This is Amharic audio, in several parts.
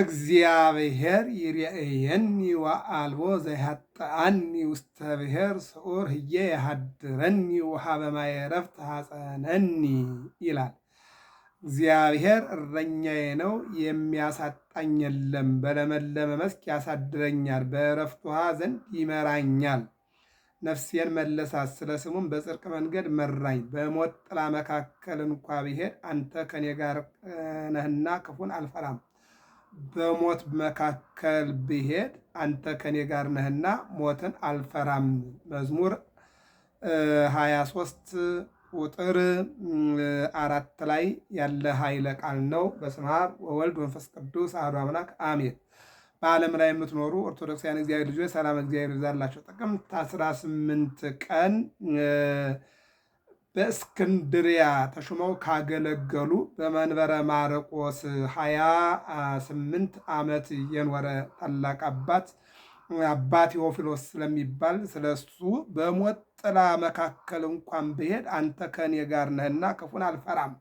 እግዚአብሔር ይርአየኒ ወአልቦ ዘይሃጠአኒ ውስተ ብሔር ስዑር ህየ የሃድረኒ ውሃ ማየ ሐፀነኒ ይላል። እግዚአብሔር እረኛዬ ነው፣ የሚያሳጣኝ የለም። በለመለመ መስክ ያሳድረኛል፣ በዕረፍት ውሃ ዘንድ ይመራኛል። ነፍሴን መለሳት፣ ስለ ስሙም በጽድቅ መንገድ መራኝ። በሞት ጥላ መካከል እንኳ ብሄድ አንተ ከኔ ጋር ነህና ክፉን አልፈራም። በሞት መካከል ብሄድ አንተ ከኔ ጋር ነህና ሞትን አልፈራም። መዝሙር 23 ቁጥር አራት ላይ ያለ ኃይለ ቃል ነው። በስመ አብ ወወልድ መንፈስ ቅዱስ አሐዱ አምላክ አሜን። በዓለም ላይ የምትኖሩ ኦርቶዶክሳውያን እግዚአብሔር ልጆች ሰላም እግዚአብሔር ይብዛላቸው። ጥቅምት 18 ቀን በእስክንድሪያ ተሹመው ካገለገሉ በመንበረ ማርቆስ ሀያ ስምንት ዓመት የኖረ ታላቅ አባት አባ ቴዎፊሎስ ስለሚባል ስለሱ በሞት ጥላ መካከል እንኳን ብሄድ አንተ ከኔ ጋር ነህና ክፉን አልፈራም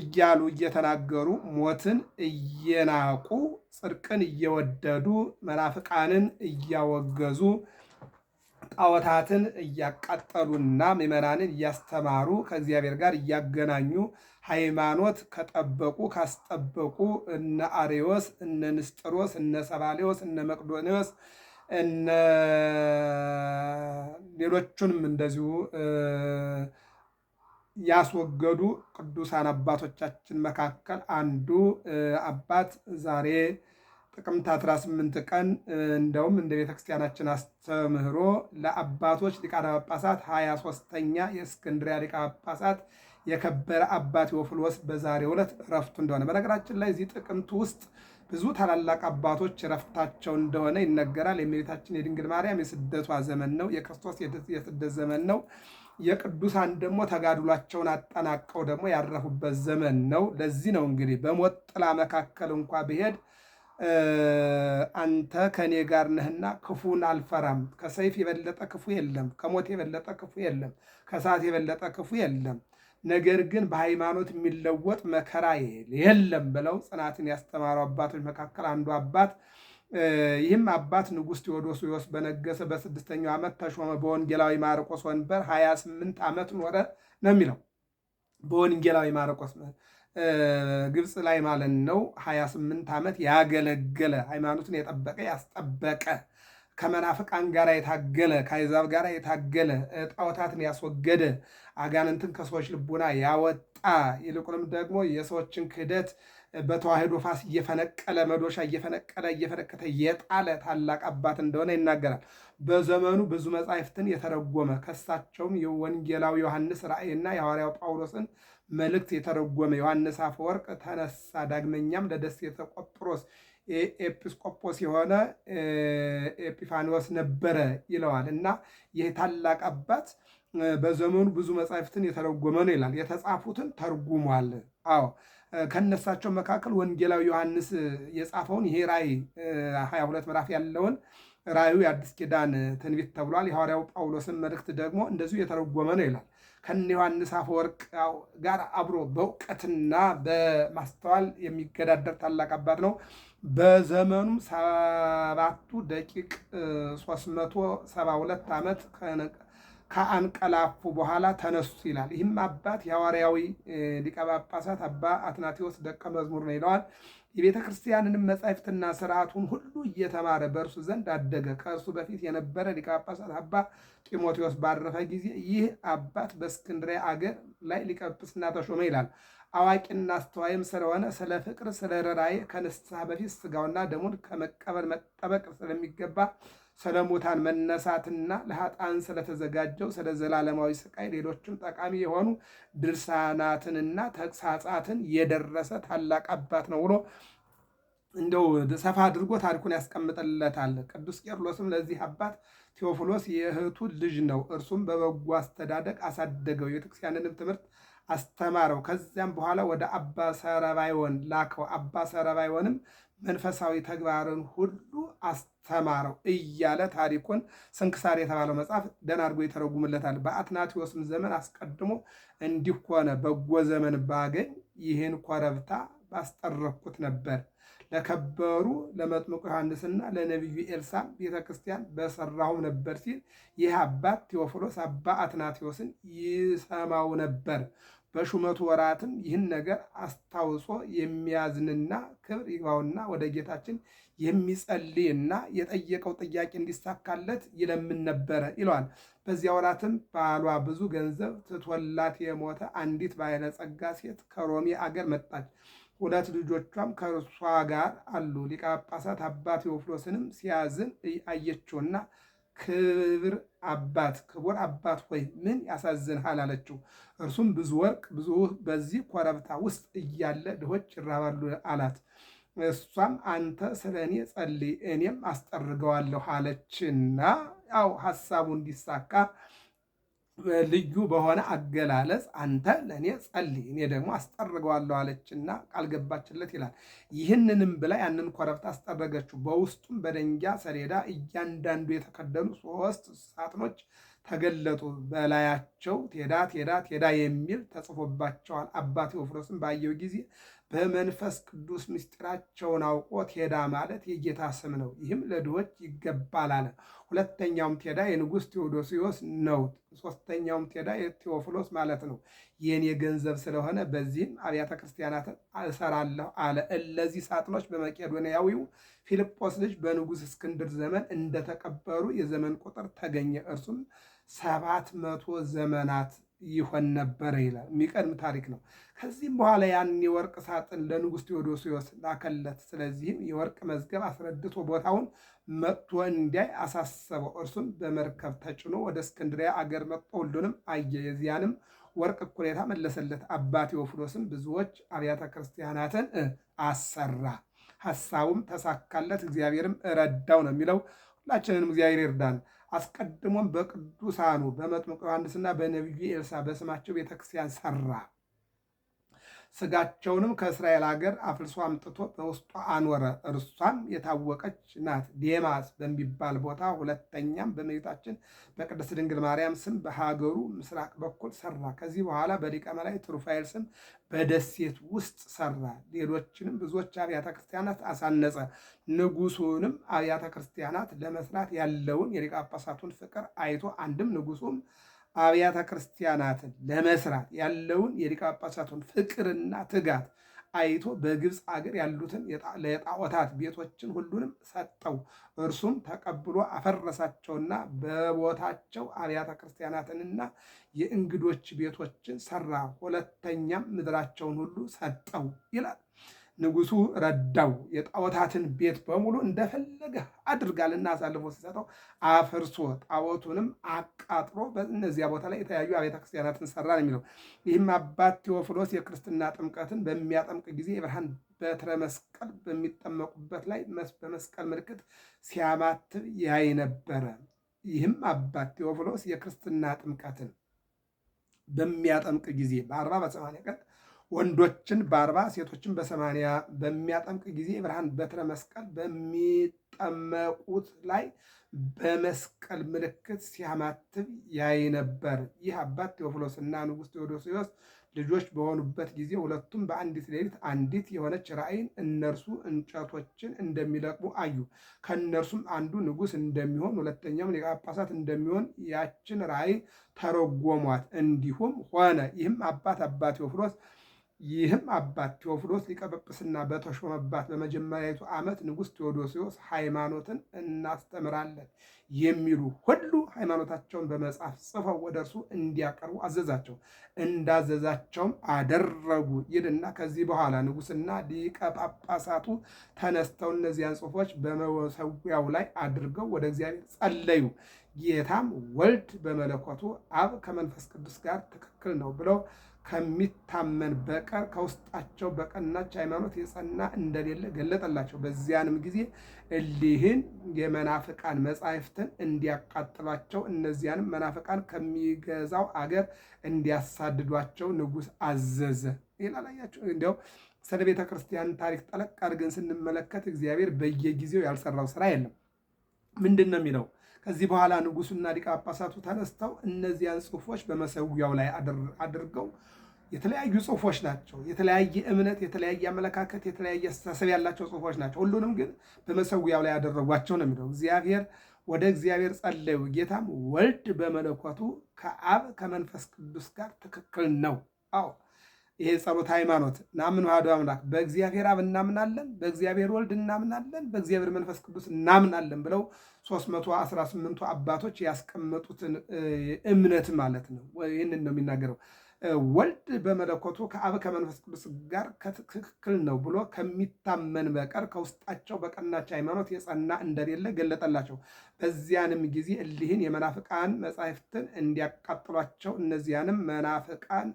እያሉ እየተናገሩ ሞትን እየናቁ ጽድቅን እየወደዱ መናፍቃንን እያወገዙ ጣዖታትን እያቃጠሉና ምዕመናንን እያስተማሩ ከእግዚአብሔር ጋር እያገናኙ ሃይማኖት ከጠበቁ ካስጠበቁ እነ አሬዎስ እነ ንስጥሮስ እነ ሰባሌዎስ እነ መቅዶኔዎስ እነ ሌሎቹንም እንደዚሁ ያስወገዱ ቅዱሳን አባቶቻችን መካከል አንዱ አባት ዛሬ ጥቅምት 18 ቀን እንደውም እንደ ቤተ ክርስቲያናችን አስተምህሮ ለአባቶች ሊቃነ ጳጳሳት 23 ተኛ የእስክንድሪያ ሊቃነ ጳጳሳት የከበረ አባት ቴዎፍሎስ በዛሬው ዕለት እረፍቱ እንደሆነ፣ በነገራችን ላይ እዚህ ጥቅምት ውስጥ ብዙ ታላላቅ አባቶች እረፍታቸው እንደሆነ ይነገራል። የእመቤታችን የድንግል ማርያም የስደቷ ዘመን ነው። የክርስቶስ የስደት ዘመን ነው። የቅዱሳን ደግሞ ተጋድሏቸውን አጠናቀው ደግሞ ያረፉበት ዘመን ነው። ለዚህ ነው እንግዲህ በሞት ጥላ መካከል እንኳ ብሄድ አንተ ከኔ ጋር ነህና ክፉን አልፈራም። ከሰይፍ የበለጠ ክፉ የለም፣ ከሞት የበለጠ ክፉ የለም፣ ከእሳት የበለጠ ክፉ የለም። ነገር ግን በሃይማኖት የሚለወጥ መከራ የለም ብለው ጽናትን ያስተማሩ አባቶች መካከል አንዱ አባት ይህም አባት ንጉሥ ቴዎዶስዮስ በነገሰ በስድስተኛው ዓመት ተሾመ። በወንጌላዊ ማርቆስ ወንበር 28 ዓመት ኖረ ነው የሚለው በወንጌላዊ ማርቆስ ግብፅ ላይ ማለት ነው 28 ዓመት ያገለገለ ሃይማኖትን የጠበቀ ያስጠበቀ ከመናፍቃን ጋር የታገለ ከአሕዛብ ጋር የታገለ ጣዖታትን ያስወገደ አጋንንትን ከሰዎች ልቡና ያወጣ ይልቁንም ደግሞ የሰዎችን ክህደት በተዋህዶ ፋስ እየፈነቀለ መዶሻ እየፈነቀለ እየፈነከተ የጣለ ታላቅ አባት እንደሆነ ይናገራል። በዘመኑ ብዙ መጻሕፍትን የተረጎመ ከሳቸውም የወንጌላዊ ዮሐንስ ራእይና የሐዋርያው ጳውሎስን መልእክት የተረጎመ ዮሐንስ አፈወርቅ ተነሳ። ዳግመኛም ለደሴተ ቆጵሮስ ኤጲስቆጶስ የሆነ ኤጲፋንዮስ ነበረ ይለዋል እና ይህ ታላቅ አባት በዘመኑ ብዙ መጻሕፍትን የተረጎመ ነው ይላል። የተጻፉትን ተርጉሟል። አዎ ከነሳቸው መካከል ወንጌላዊ ዮሐንስ የጻፈውን ይሄ ራእይ 22 ምዕራፍ ያለውን ራዩ የአዲስ ኪዳን ትንቢት ተብሏል። የሐዋርያው ጳውሎስን መልእክት ደግሞ እንደዚሁ የተረጎመ ነው ይላል። ከነ ዮሐንስ አፈወርቅ ጋር አብሮ በእውቀትና በማስተዋል የሚገዳደር ታላቅ አባት ነው። በዘመኑም ሰባቱ ደቂቅ 372 ዓመት ከአንቀላፉ በኋላ ተነሱ ይላል። ይህም አባት የሐዋርያዊ ሊቀ ጳጳሳት አባ አትናቴዎስ ደቀ መዝሙር ነው ይለዋል። የቤተ ክርስቲያንንም መጻሕፍትና ስርዓቱን ሁሉ እየተማረ በእርሱ ዘንድ አደገ። ከእርሱ በፊት የነበረ ሊቀ ጳጳሳት አባ ጢሞቴዎስ ባረፈ ጊዜ ይህ አባት በእስክንድሪያ አገር ላይ ሊቀ ጵጵስና ተሾመ ይላል። አዋቂና አስተዋይም ስለሆነ ስለ ፍቅር፣ ስለ ርኅራኄ ከንስሐ በፊት ስጋውና ደሙን ከመቀበል መጠበቅ ስለሚገባ ስለ መነሳትና ለኃጥአን ስለተዘጋጀው ስለ ዘላለማዊ ስቃይ ሌሎችም ጠቃሚ የሆኑ ድርሳናትንና ተግሳጻትን የደረሰ ታላቅ አባት ነው ብሎ እንደው ሰፋ አድርጎ ታሪኩን ያስቀምጥለታል። ቅዱስ ቄርሎስም ለዚህ አባት ቴዎፍሎስ የእህቱ ልጅ ነው። እርሱም በበጎ አስተዳደግ አሳደገው፣ የትክስያንንም ትምህርት አስተማረው። ከዚያም በኋላ ወደ አባ ሰረባዮን ላከው። አባ ሰረባዮንም መንፈሳዊ ተግባርን ሁሉ አስተማረው እያለ ታሪኩን ስንክሳር የተባለው መጽሐፍ ደህና አድርጎ ይተረጉምለታል። በአትናቴዎስም ዘመን አስቀድሞ እንዲህ ሆነ፣ በጎ ዘመን ባገኝ ይህን ኮረብታ ባስጠረኩት ነበር። ለከበሩ ለመጥምቁ ዮሐንስና ለነቢዩ ኤልሳዕ ቤተ ክርስቲያን በሰራሁም ነበር ሲል ይህ አባት ቴዎፍሎስ አባ አትናቴዎስን ይሰማው ነበር። በሹመቱ ወራትም ይህን ነገር አስታውሶ የሚያዝንና ክብር ይግባውና ወደ ጌታችን የሚጸልይና የጠየቀው ጥያቄ እንዲሳካለት ይለምን ነበረ ይለዋል። በዚያ ወራትም ባሏ ብዙ ገንዘብ ትቶላት የሞተ አንዲት ባለጸጋ ሴት ከሮሚ አገር መጣች። ሁለት ልጆቿም ከእርሷ ጋር አሉ። ሊቀ ጳጳሳት አባ ቴዎፍሎስንም ሲያዝን አየችውና ክብር አባት ክቡር አባት ሆይ ምን ያሳዝንሃል? አለችው። እርሱም ብዙ ወርቅ ብዙ በዚህ ኮረብታ ውስጥ እያለ ድሆች ይራባሉ አላት። እሷም አንተ ስለ እኔ ጸልይ፣ እኔም አስጠርገዋለሁ አለችና ያው ሀሳቡ እንዲሳካ ልዩ በሆነ አገላለጽ አንተ ለእኔ ጸልይ እኔ ደግሞ አስጠርገዋለሁ አለችና ቃል ገባችለት ይላል። ይህንንም ብላ ያንን ኮረብታ አስጠረገችው። በውስጡም በደንጃ ሰሌዳ እያንዳንዱ የተከደኑ ሶስት ሳጥኖች ተገለጡ። በላያቸው ቴዳ ቴዳ ቴዳ የሚል ተጽፎባቸዋል። አባ ቴዎፍሎስም ባየው ጊዜ በመንፈስ ቅዱስ ምስጢራቸውን አውቆ ቴዳ ማለት የጌታ ስም ነው፣ ይህም ለድሆች ይገባል አለ። ሁለተኛውም ቴዳ የንጉሥ ቴዎዶስዮስ ነው። ሶስተኛውም ቴዳ የቴዎፍሎስ ማለት ነው፣ ይህን ገንዘብ ስለሆነ በዚህም አብያተ ክርስቲያናትን እሰራለሁ አለ። እለዚህ ሳጥኖች በመቄዶንያዊው ፊልጶስ ልጅ በንጉሥ እስክንድር ዘመን እንደተቀበሩ የዘመን ቁጥር ተገኘ። እርሱም ሰባት መቶ ዘመናት ይሆን ነበረ ይላል። የሚቀድም ታሪክ ነው። ከዚህም በኋላ ያን የወርቅ ሳጥን ለንጉሥ ቴዎዶስዮስ ላከለት። ስለዚህም የወርቅ መዝገብ አስረድቶ ቦታውን መጥቶ እንዲያይ አሳሰበው። እርሱም በመርከብ ተጭኖ ወደ እስክንድሪያ አገር መጥቶ ሁሉንም አየ። የዚያንም ወርቅ እኩሌታ መለሰለት። አባት ቴዎፍሎስም ብዙዎች አብያተ ክርስቲያናትን አሰራ። ሀሳቡም ተሳካለት፣ እግዚአብሔርም ረዳው ነው የሚለው። ሁላችንንም እግዚአብሔር ይርዳል። አስቀድሞም በቅዱሳኑ በመጥምቁ ዮሐንስና በነቢዩ ኤልሳ በስማቸው ቤተክርስቲያን ሰራ። ስጋቸውንም ከእስራኤል ሀገር አፍልሶ አምጥቶ በውስጡ አኖረ። እርሷም የታወቀች ናት፣ ዴማስ በሚባል ቦታ። ሁለተኛም በመቤታችን በቅድስት ድንግል ማርያም ስም በሀገሩ ምስራቅ በኩል ሰራ። ከዚህ በኋላ በሊቀ መላእክት ሩፋኤል ስም በደሴት ውስጥ ሰራ። ሌሎችንም ብዙዎች አብያተ ክርስቲያናት አሳነጸ። ንጉሱንም አብያተ ክርስቲያናት ለመስራት ያለውን የሊቀ ጳጳሳቱን ፍቅር አይቶ አንድም ንጉሱም አብያተ ክርስቲያናትን ለመስራት ያለውን የሊቀ ጳጳሳቱን ፍቅርና ትጋት አይቶ በግብፅ አገር ያሉትን ለጣዖታት ቤቶችን ሁሉንም ሰጠው። እርሱም ተቀብሎ አፈረሳቸውና በቦታቸው አብያተ ክርስቲያናትንና የእንግዶች ቤቶችን ሰራ። ሁለተኛም ምድራቸውን ሁሉ ሰጠው ይላል። ንጉሱ ረዳው። የጣዖታትን ቤት በሙሉ እንደፈለገ አድርጋልና አሳልፎ ሲሰጠው አፍርሶ ጣዖቱንም አቃጥሎ በእነዚያ ቦታ ላይ የተለያዩ አብያተ ክርስቲያናትን ሰራ ነው የሚለው። ይህም አባት ቴዎፍሎስ የክርስትና ጥምቀትን በሚያጠምቅ ጊዜ የብርሃን በትረ መስቀል በሚጠመቁበት ላይ በመስቀል ምልክት ሲያማትብ ያይ ነበረ። ይህም አባት ቴዎፍሎስ የክርስትና ጥምቀትን በሚያጠምቅ ጊዜ በአርባ በሰማንያ ቀን ወንዶችን በአርባ ሴቶችን በሰማንያ በሚያጠምቅ ጊዜ የብርሃን በትረ መስቀል በሚጠመቁት ላይ በመስቀል ምልክት ሲያማትብ ያይ ነበር። ይህ አባት ቴዎፍሎስና ንጉሥ ቴዎዶሲዎስ ልጆች በሆኑበት ጊዜ ሁለቱም በአንዲት ሌሊት አንዲት የሆነች ራእይን እነርሱ እንጨቶችን እንደሚለቅሙ አዩ። ከእነርሱም አንዱ ንጉሥ እንደሚሆን ሁለተኛውም ሊቀ ጳጳሳት እንደሚሆን ያችን ራእይ ተረጎሟት፣ እንዲሁም ሆነ። ይህም አባት አባ ቴዎፍሎስ ይህም አባት ቴዎፍሎስ ሊቀ በተሾመባት በመጀመሪያዊቱ ዓመት ንጉሥ ቴዎዶሲዎስ ሃይማኖትን እናስተምራለን የሚሉ ሁሉ ሃይማኖታቸውን በመጽሐፍ ጽፈው ወደ እርሱ እንዲያቀርቡ አዘዛቸው። እንዳዘዛቸውም አደረጉ ይልና ከዚህ በኋላ ንጉሥና ሊቀ ጳጳሳቱ ተነስተው እነዚያን ጽሑፎች በመሰዊያው ላይ አድርገው ወደ እግዚአብሔር ጸለዩ። ጌታም ወልድ በመለኮቱ አብ ከመንፈስ ቅዱስ ጋር ትክክል ነው ብለው ከሚታመን በቀር ከውስጣቸው በቀናች ሃይማኖት የጸና እንደሌለ ገለጠላቸው። በዚያንም ጊዜ እሊህን የመናፍቃን መጻሕፍትን እንዲያቃጥሏቸው እነዚያንም መናፍቃን ከሚገዛው አገር እንዲያሳድዷቸው ንጉሥ አዘዘ ይላል። እንዲያው ስለ ቤተ ክርስቲያን ታሪክ ጠለቅ አድርገን ስንመለከት እግዚአብሔር በየጊዜው ያልሰራው ስራ የለም። ምንድን ነው የሚለው? ከዚህ በኋላ ንጉሱና ሊቀ ጳጳሳቱ ተነስተው እነዚያን ጽሑፎች በመሰዊያው ላይ አድርገው የተለያዩ ጽሁፎች ናቸው። የተለያየ እምነት፣ የተለያየ አመለካከት፣ የተለያየ አስተሳሰብ ያላቸው ጽሁፎች ናቸው። ሁሉንም ግን በመሰዊያው ላይ ያደረጓቸው ነው የሚለው እግዚአብሔር ወደ እግዚአብሔር ጸለዩ፣ ጌታም ወልድ በመለኮቱ ከአብ ከመንፈስ ቅዱስ ጋር ትክክል ነው። አዎ ይሄ ጸሎት ሃይማኖት ናምን ዋህዶ አምላክ በእግዚአብሔር አብ እናምናለን፣ በእግዚአብሔር ወልድ እናምናለን፣ በእግዚአብሔር መንፈስ ቅዱስ እናምናለን ብለው 318ቱ አባቶች ያስቀመጡትን እምነት ማለት ነው። ይህንን ነው የሚናገረው። ወልድ በመለኮቱ ከአብ ከመንፈስ ቅዱስ ጋር ከትክክል ነው ብሎ ከሚታመን በቀር ከውስጣቸው በቀናች ሃይማኖት የጸና እንደሌለ ገለጠላቸው። በዚያንም ጊዜ እሊህን የመናፍቃን መጻሕፍትን እንዲያቃጥሏቸው፣ እነዚያንም መናፍቃን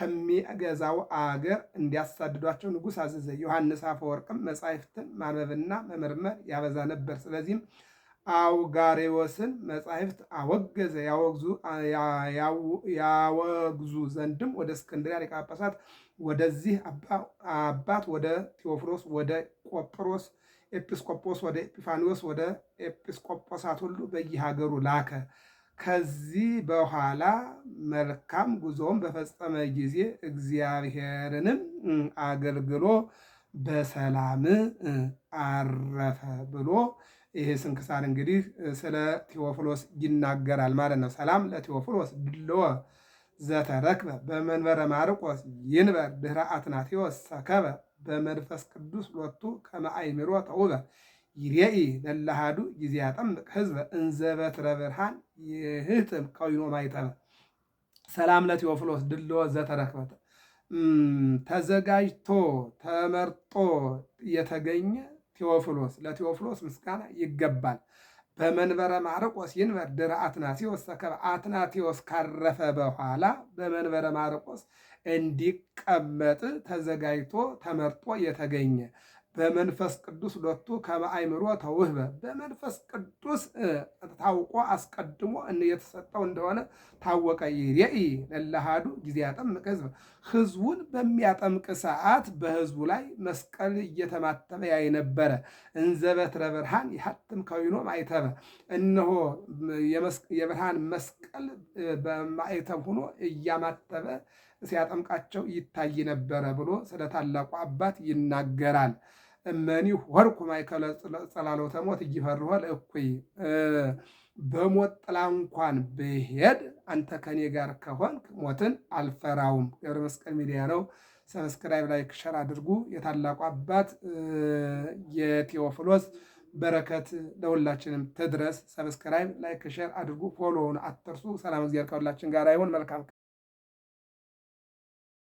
ከሚገዛው አገር እንዲያሳድዷቸው ንጉሥ አዘዘ። ዮሐንስ አፈወርቅም መጻሕፍትን ማንበብና መመርመር ያበዛ ነበር። ስለዚህም አውጋሪዎስን መጻሕፍት አወገዘ። ያወግዙ ዘንድም ወደ እስክንድሪያ ሊቃነ ጳጳሳት ወደዚህ አባት ወደ ቴዎፍሮስ፣ ወደ ቆጵሮስ ኤጲስቆጶስ፣ ወደ ኤጲፋኒዎስ፣ ወደ ኤጲስቆጶሳት ሁሉ በየሀገሩ ላከ። ከዚህ በኋላ መልካም ጉዞውን በፈጸመ ጊዜ እግዚአብሔርንም አገልግሎ በሰላም አረፈ ብሎ ይሄ ስንክሳር እንግዲህ ስለ ቴዎፍሎስ ይናገራል ማለት ነው። ሰላም ለቴዎፍሎስ ድልዎ ዘተረክበ በመንበረ ማርቆስ ይንበር ድኅረ አትናቴዎስ ሰከበ በመንፈስ ቅዱስ ሎቱ ከመአይምሮ ተውበ ይሬኢ ለላሃዱ ጊዜ ያጠምቅ ህዝበ እንዘ ብርሃን ይህጥም ከዊኖ ሰላም ለቴዎፍሎስ ድልዎ ዘተረክበ ተዘጋጅቶ ተመርጦ የተገኘ ቴዎፍሎስ ለቴዎፍሎስ ምስጋና ይገባል። በመንበረ ማርቆስ ይንበር ድረ አትናቴዎስ ተከበ። አትናቴዎስ ካረፈ በኋላ በመንበረ ማርቆስ እንዲቀመጥ ተዘጋጅቶ ተመርጦ የተገኘ በመንፈስ ቅዱስ ሎቱ ከመአይምሮ ተውህበ በመንፈስ ቅዱስ ታውቆ አስቀድሞ የተሰጠው እንደሆነ ታወቀ። ይሬኢ ለለሃዱ ጊዜ ያጠምቅ ህዝብ ህዝቡን በሚያጠምቅ ሰዓት በህዝቡ ላይ መስቀል እየተማተበ ያይ ነበረ። እንዘ በትረ ብርሃን ከዊኖ ማይተበ እነሆ የብርሃን መስቀል በማይተብ ሆኖ እያማተበ ሲያጠምቃቸው ይታይ ነበረ ብሎ ስለ ታላቁ አባት ይናገራል። እመኒ ሆርኩ ማእከለ ጽላሎተ ሞት እይፈርሆ ለእኩይ በሞት ጥላ እንኳን ብሄድ አንተ ከኔ ጋር ከሆንክ ሞትን አልፈራውም። ገብረ መስቀል ሚዲያ ነው። ሰብስክራይብ፣ ላይክ፣ ሸር አድርጉ። የታላቁ አባት የቴዎፍሎስ በረከት ለሁላችንም ትድረስ። ሰብስክራይብ፣ ላይክ፣ ሸር አድርጉ። ፎሎውን አትርሱ። ሰላም እግዚአብሔር ከሁላችን ጋር ይሁን። መልካም